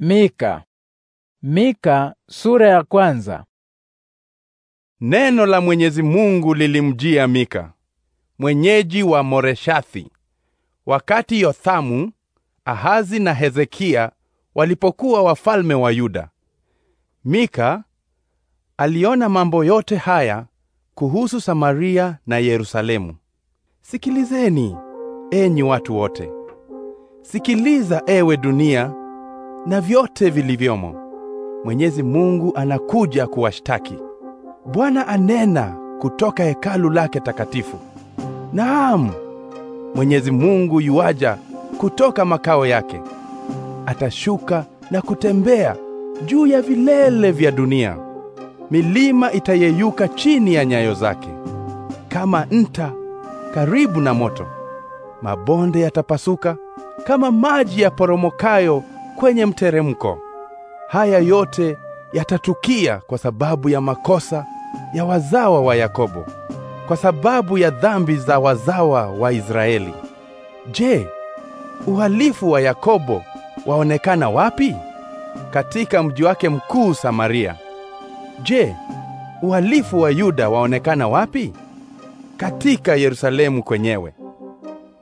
Mika. Mika sura ya kwanza. Neno la Mwenyezi Mungu lilimjia Mika, mwenyeji wa Moreshathi, wakati Yothamu, Ahazi na Hezekia walipokuwa wafalme wa Yuda. Mika aliona mambo yote haya kuhusu Samaria na Yerusalemu. Sikilizeni, enyi watu wote. Sikiliza, ewe dunia na vyote vilivyomo. Mwenyezi Mungu anakuja kuwashtaki. Bwana anena kutoka hekalu lake takatifu. Naam, Mwenyezi Mungu yuaja kutoka makao yake. Atashuka na kutembea juu ya vilele vya dunia. Milima itayeyuka chini ya nyayo zake, kama nta karibu na moto. Mabonde yatapasuka kama maji yaporomokayo kwenye mteremko. Haya yote yatatukia kwa sababu ya makosa ya wazawa wa Yakobo, kwa sababu ya dhambi za wazawa wa Israeli. Je, uhalifu wa Yakobo waonekana wapi? Katika mji wake mkuu Samaria. Je, uhalifu wa Yuda waonekana wapi? Katika Yerusalemu kwenyewe.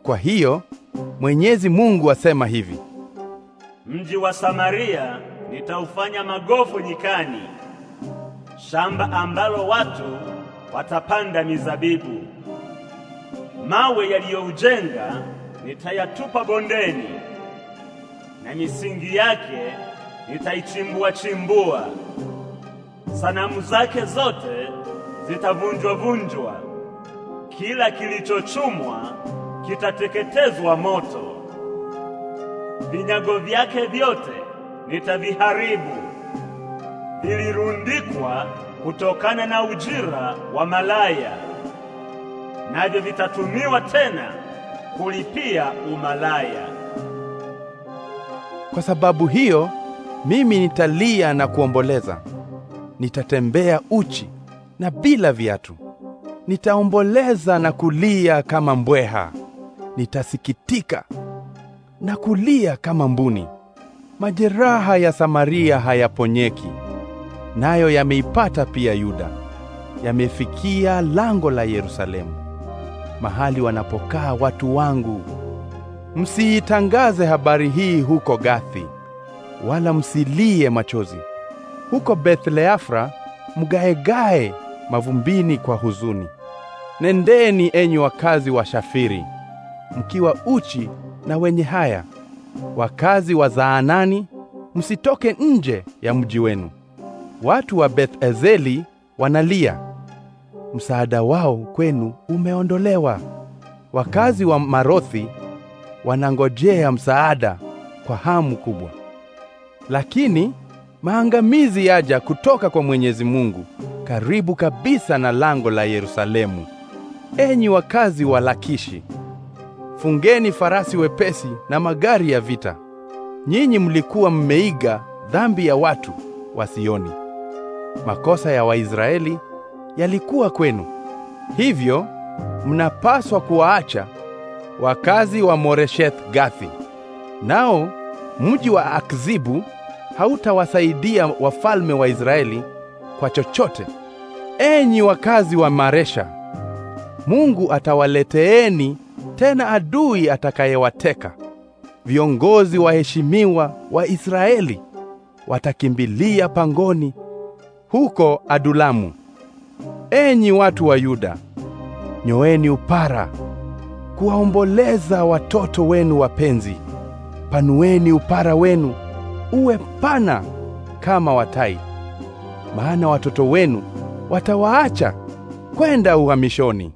Kwa hiyo Mwenyezi Mungu asema hivi: Mji wa Samaria nitaufanya magofu nyikani, shamba ambalo watu watapanda mizabibu. Mawe yaliyoujenga nitayatupa bondeni, na misingi yake nitaichimbua chimbua. Sanamu zake zote zitavunjwa vunjwa, kila kilichochumwa kitateketezwa moto vinyago vyake vyote nitaviharibu. Vilirundikwa kutokana na ujira wa malaya, navyo vitatumiwa tena kulipia umalaya. Kwa sababu hiyo mimi nitalia na kuomboleza, nitatembea uchi na bila viatu, nitaomboleza na kulia kama mbweha, nitasikitika na kulia kama mbuni. Majeraha ya Samaria hayaponyeki, nayo yameipata pia Yuda, yamefikia lango la Yerusalemu, mahali wanapokaa watu wangu. Msiitangaze habari hii huko Gathi, wala msilie machozi huko Bethleafra, mgaegae mavumbini kwa huzuni. Nendeni enyi wakazi wa Shafiri, mkiwa uchi na wenye haya, wakazi wa Zaanani, msitoke nje ya mji wenu. Watu wa Beth Ezeli wanalia, msaada wao kwenu umeondolewa. Wakazi wa Marothi wanangojea msaada kwa hamu kubwa, lakini maangamizi yaja kutoka kwa Mwenyezi Mungu karibu kabisa na lango la Yerusalemu. Enyi wakazi wa Lakishi, fungeni farasi wepesi na magari ya vita. Nyinyi mlikuwa mmeiga dhambi ya watu wa Sioni. Makosa ya Waisraeli yalikuwa kwenu, hivyo mnapaswa kuwaacha wakazi wa Moresheth Gathi, nao mji wa Akzibu hautawasaidia wafalme wa Israeli kwa chochote. Enyi wakazi wa Maresha, Mungu atawaleteeni tena adui atakayewateka. Viongozi waheshimiwa wa Israeli watakimbilia pangoni huko Adulamu. Enyi watu wa Yuda, nyoweni upara kuwaomboleza watoto wenu wapenzi. Panueni upara wenu uwe pana kama watai, maana watoto wenu watawaacha kwenda uhamishoni.